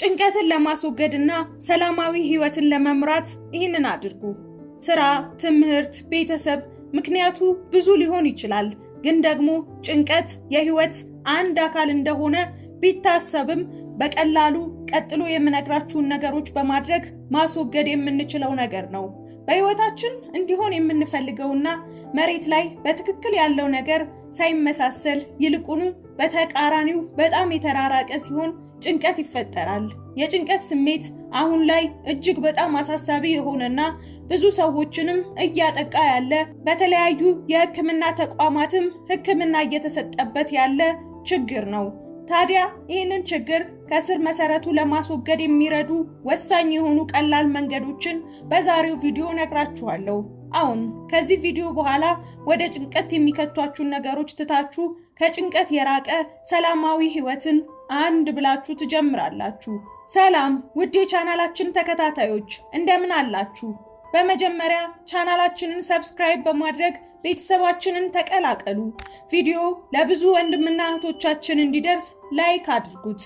ጭንቀትን ለማስወገድ እና ሰላማዊ ህይወትን ለመምራት ይህንን አድርጉ። ስራ፣ ትምህርት፣ ቤተሰብ ምክንያቱ ብዙ ሊሆን ይችላል። ግን ደግሞ ጭንቀት የህይወት አንድ አካል እንደሆነ ቢታሰብም በቀላሉ ቀጥሎ የምነግራችሁን ነገሮች በማድረግ ማስወገድ የምንችለው ነገር ነው። በህይወታችን እንዲሆን የምንፈልገውና መሬት ላይ በትክክል ያለው ነገር ሳይመሳሰል ይልቁኑ በተቃራኒው በጣም የተራራቀ ሲሆን ጭንቀት ይፈጠራል። የጭንቀት ስሜት አሁን ላይ እጅግ በጣም አሳሳቢ የሆነና ብዙ ሰዎችንም እያጠቃ ያለ በተለያዩ የሕክምና ተቋማትም ሕክምና እየተሰጠበት ያለ ችግር ነው። ታዲያ ይህንን ችግር ከስር መሰረቱ ለማስወገድ የሚረዱ ወሳኝ የሆኑ ቀላል መንገዶችን በዛሬው ቪዲዮ ነግራችኋለሁ። አሁን ከዚህ ቪዲዮ በኋላ ወደ ጭንቀት የሚከቷችሁን ነገሮች ትታችሁ ከጭንቀት የራቀ ሰላማዊ ህይወትን አንድ ብላችሁ ትጀምራላችሁ። ሰላም ውድ የቻናላችን ተከታታዮች እንደምን አላችሁ? በመጀመሪያ ቻናላችንን ሰብስክራይብ በማድረግ ቤተሰባችንን ተቀላቀሉ። ቪዲዮ ለብዙ ወንድምና እህቶቻችን እንዲደርስ ላይክ አድርጉት።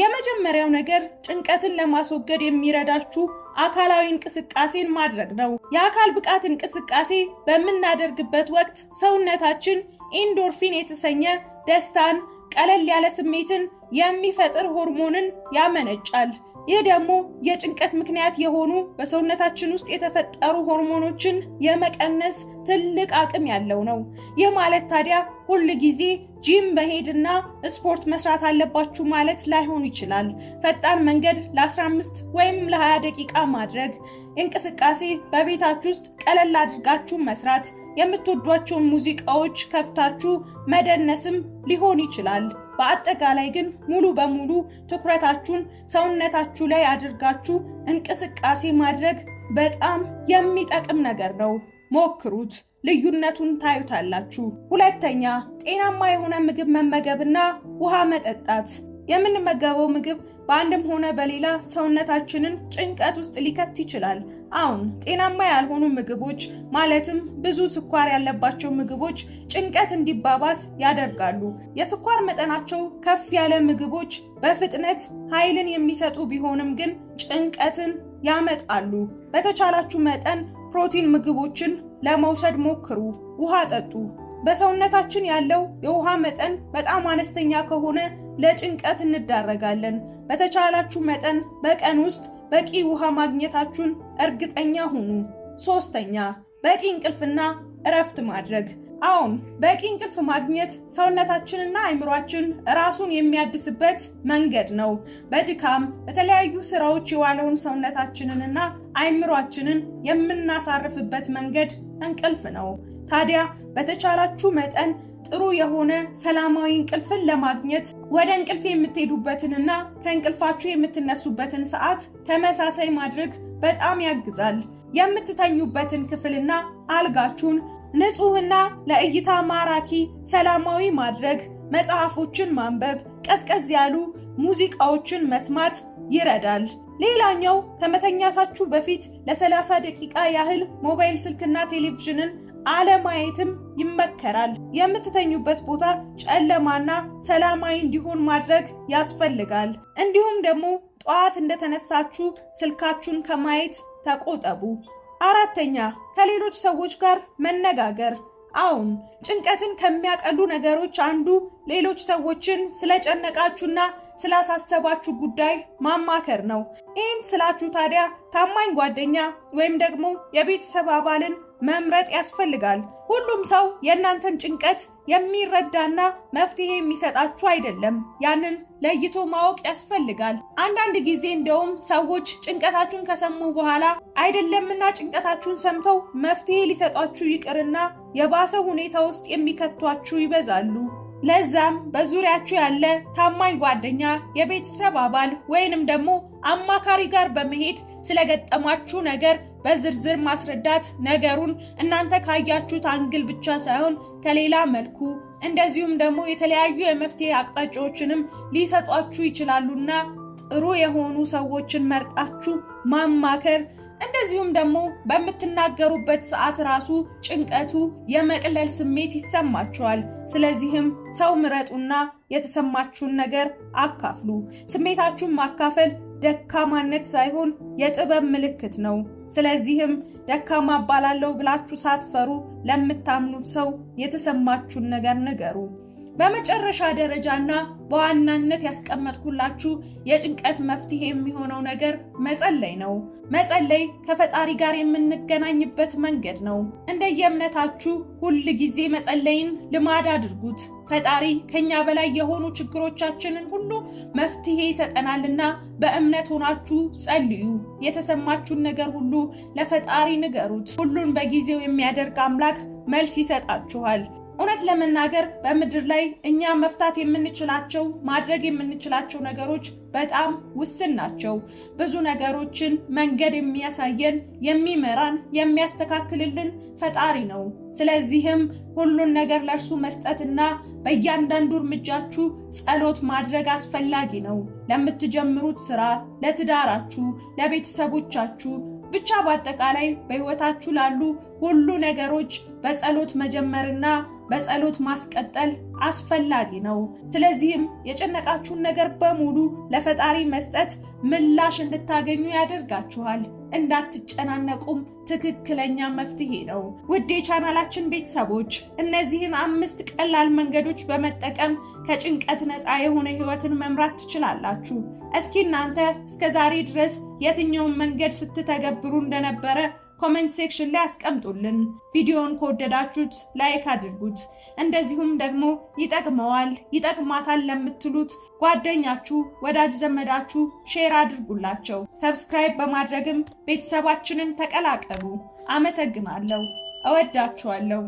የመጀመሪያው ነገር ጭንቀትን ለማስወገድ የሚረዳችሁ አካላዊ እንቅስቃሴን ማድረግ ነው። የአካል ብቃት እንቅስቃሴ በምናደርግበት ወቅት ሰውነታችን ኢንዶርፊን የተሰኘ ደስታን፣ ቀለል ያለ ስሜትን የሚፈጥር ሆርሞንን ያመነጫል። ይህ ደግሞ የጭንቀት ምክንያት የሆኑ በሰውነታችን ውስጥ የተፈጠሩ ሆርሞኖችን የመቀነስ ትልቅ አቅም ያለው ነው። ይህ ማለት ታዲያ ሁል ጊዜ ጂም መሄድና ስፖርት መስራት አለባችሁ ማለት ላይሆን ይችላል። ፈጣን መንገድ ለ15 ወይም ለ20 ደቂቃ ማድረግ፣ እንቅስቃሴ በቤታችሁ ውስጥ ቀለል አድርጋችሁ መስራት የምትወዷቸውን ሙዚቃዎች ከፍታችሁ መደነስም ሊሆን ይችላል። በአጠቃላይ ግን ሙሉ በሙሉ ትኩረታችሁን ሰውነታችሁ ላይ አድርጋችሁ እንቅስቃሴ ማድረግ በጣም የሚጠቅም ነገር ነው። ሞክሩት፣ ልዩነቱን ታዩታላችሁ። ሁለተኛ ጤናማ የሆነ ምግብ መመገብና ውሃ መጠጣት። የምንመገበው ምግብ በአንድም ሆነ በሌላ ሰውነታችንን ጭንቀት ውስጥ ሊከት ይችላል። አሁን ጤናማ ያልሆኑ ምግቦች ማለትም ብዙ ስኳር ያለባቸው ምግቦች ጭንቀት እንዲባባስ ያደርጋሉ። የስኳር መጠናቸው ከፍ ያለ ምግቦች በፍጥነት ኃይልን የሚሰጡ ቢሆንም ግን ጭንቀትን ያመጣሉ። በተቻላችሁ መጠን ፕሮቲን ምግቦችን ለመውሰድ ሞክሩ። ውሃ ጠጡ። በሰውነታችን ያለው የውሃ መጠን በጣም አነስተኛ ከሆነ ለጭንቀት እንዳረጋለን። በተቻላችሁ መጠን በቀን ውስጥ በቂ ውሃ ማግኘታችሁን እርግጠኛ ሁኑ። ሶስተኛ በቂ እንቅልፍና እረፍት ማድረግ። አሁን በቂ እንቅልፍ ማግኘት ሰውነታችንና አእምሯችን ራሱን የሚያድስበት መንገድ ነው። በድካም በተለያዩ ስራዎች የዋለውን ሰውነታችንንና አይምሯችንን የምናሳርፍበት መንገድ እንቅልፍ ነው። ታዲያ በተቻላችሁ መጠን ጥሩ የሆነ ሰላማዊ እንቅልፍን ለማግኘት ወደ እንቅልፍ የምትሄዱበትንና ከእንቅልፋችሁ የምትነሱበትን ሰዓት ተመሳሳይ ማድረግ በጣም ያግዛል። የምትተኙበትን ክፍልና አልጋችሁን ንጹህና ለእይታ ማራኪ ሰላማዊ ማድረግ፣ መጽሐፎችን ማንበብ፣ ቀዝቀዝ ያሉ ሙዚቃዎችን መስማት ይረዳል። ሌላኛው ከመተኛታችሁ በፊት ለ30 ደቂቃ ያህል ሞባይል ስልክና ቴሌቪዥንን አለማየትም ይመከራል። የምትተኙበት ቦታ ጨለማና ሰላማዊ እንዲሆን ማድረግ ያስፈልጋል። እንዲሁም ደግሞ ጠዋት እንደተነሳችሁ ስልካችሁን ከማየት ተቆጠቡ። አራተኛ ከሌሎች ሰዎች ጋር መነጋገር አሁን ጭንቀትን ከሚያቀሉ ነገሮች አንዱ ሌሎች ሰዎችን ስለጨነቃችሁና ስላሳሰባችሁ ጉዳይ ማማከር ነው። ይህም ስላችሁ ታዲያ ታማኝ ጓደኛ ወይም ደግሞ የቤተሰብ አባልን መምረጥ ያስፈልጋል። ሁሉም ሰው የእናንተን ጭንቀት የሚረዳና መፍትሄ የሚሰጣችሁ አይደለም። ያንን ለይቶ ማወቅ ያስፈልጋል። አንዳንድ ጊዜ እንደውም ሰዎች ጭንቀታችሁን ከሰሙ በኋላ አይደለምና ጭንቀታችሁን ሰምተው መፍትሄ ሊሰጧችሁ ይቅርና የባሰ ሁኔታ ውስጥ የሚከቷችሁ ይበዛሉ። ለዛም በዙሪያችሁ ያለ ታማኝ ጓደኛ፣ የቤተሰብ አባል ወይንም ደግሞ አማካሪ ጋር በመሄድ ስለገጠማችሁ ነገር በዝርዝር ማስረዳት ነገሩን እናንተ ካያችሁት አንግል ብቻ ሳይሆን ከሌላ መልኩ እንደዚሁም ደግሞ የተለያዩ የመፍትሄ አቅጣጫዎችንም ሊሰጧችሁ ይችላሉና ጥሩ የሆኑ ሰዎችን መርጣችሁ ማማከር እንደዚሁም ደግሞ በምትናገሩበት ሰዓት ራሱ ጭንቀቱ የመቅለል ስሜት ይሰማችኋል። ስለዚህም ሰው ምረጡና የተሰማችሁን ነገር አካፍሉ። ስሜታችሁን ማካፈል ደካማነት ሳይሆን የጥበብ ምልክት ነው። ስለዚህም ደካማ እባላለሁ ብላችሁ ሳትፈሩ ለምታምኑት ሰው የተሰማችሁን ነገር ንገሩ። በመጨረሻ ደረጃና በዋናነት ያስቀመጥኩላችሁ የጭንቀት መፍትሄ የሚሆነው ነገር መጸለይ ነው። መጸለይ ከፈጣሪ ጋር የምንገናኝበት መንገድ ነው። እንደየእምነታችሁ ሁል ጊዜ መጸለይን ልማድ አድርጉት። ፈጣሪ ከኛ በላይ የሆኑ ችግሮቻችንን ሁሉ መፍትሄ ይሰጠናልና በእምነት ሆናችሁ ጸልዩ። የተሰማችሁን ነገር ሁሉ ለፈጣሪ ንገሩት። ሁሉን በጊዜው የሚያደርግ አምላክ መልስ ይሰጣችኋል። እውነት ለመናገር በምድር ላይ እኛ መፍታት የምንችላቸው ማድረግ የምንችላቸው ነገሮች በጣም ውስን ናቸው። ብዙ ነገሮችን መንገድ የሚያሳየን የሚመራን፣ የሚያስተካክልልን ፈጣሪ ነው። ስለዚህም ሁሉን ነገር ለእርሱ መስጠትና በእያንዳንዱ እርምጃችሁ ጸሎት ማድረግ አስፈላጊ ነው። ለምትጀምሩት ስራ፣ ለትዳራችሁ፣ ለቤተሰቦቻችሁ ብቻ በአጠቃላይ በሕይወታችሁ ላሉ ሁሉ ነገሮች በጸሎት መጀመርና በጸሎት ማስቀጠል አስፈላጊ ነው። ስለዚህም የጨነቃችሁን ነገር በሙሉ ለፈጣሪ መስጠት ምላሽ እንድታገኙ ያደርጋችኋል። እንዳትጨናነቁም ትክክለኛ መፍትሄ ነው። ውድ የቻናላችን ቤተሰቦች እነዚህን አምስት ቀላል መንገዶች በመጠቀም ከጭንቀት ነፃ የሆነ ህይወትን መምራት ትችላላችሁ። እስኪ እናንተ እስከ ዛሬ ድረስ የትኛውን መንገድ ስትተገብሩ እንደነበረ ኮሜንት ሴክሽን ላይ አስቀምጡልን። ቪዲዮውን ከወደዳችሁት ላይክ አድርጉት። እንደዚሁም ደግሞ ይጠቅመዋል፣ ይጠቅማታል ለምትሉት ጓደኛችሁ፣ ወዳጅ ዘመዳችሁ ሼር አድርጉላቸው። ሰብስክራይብ በማድረግም ቤተሰባችንን ተቀላቀሉ። አመሰግናለሁ። እወዳችኋለሁ።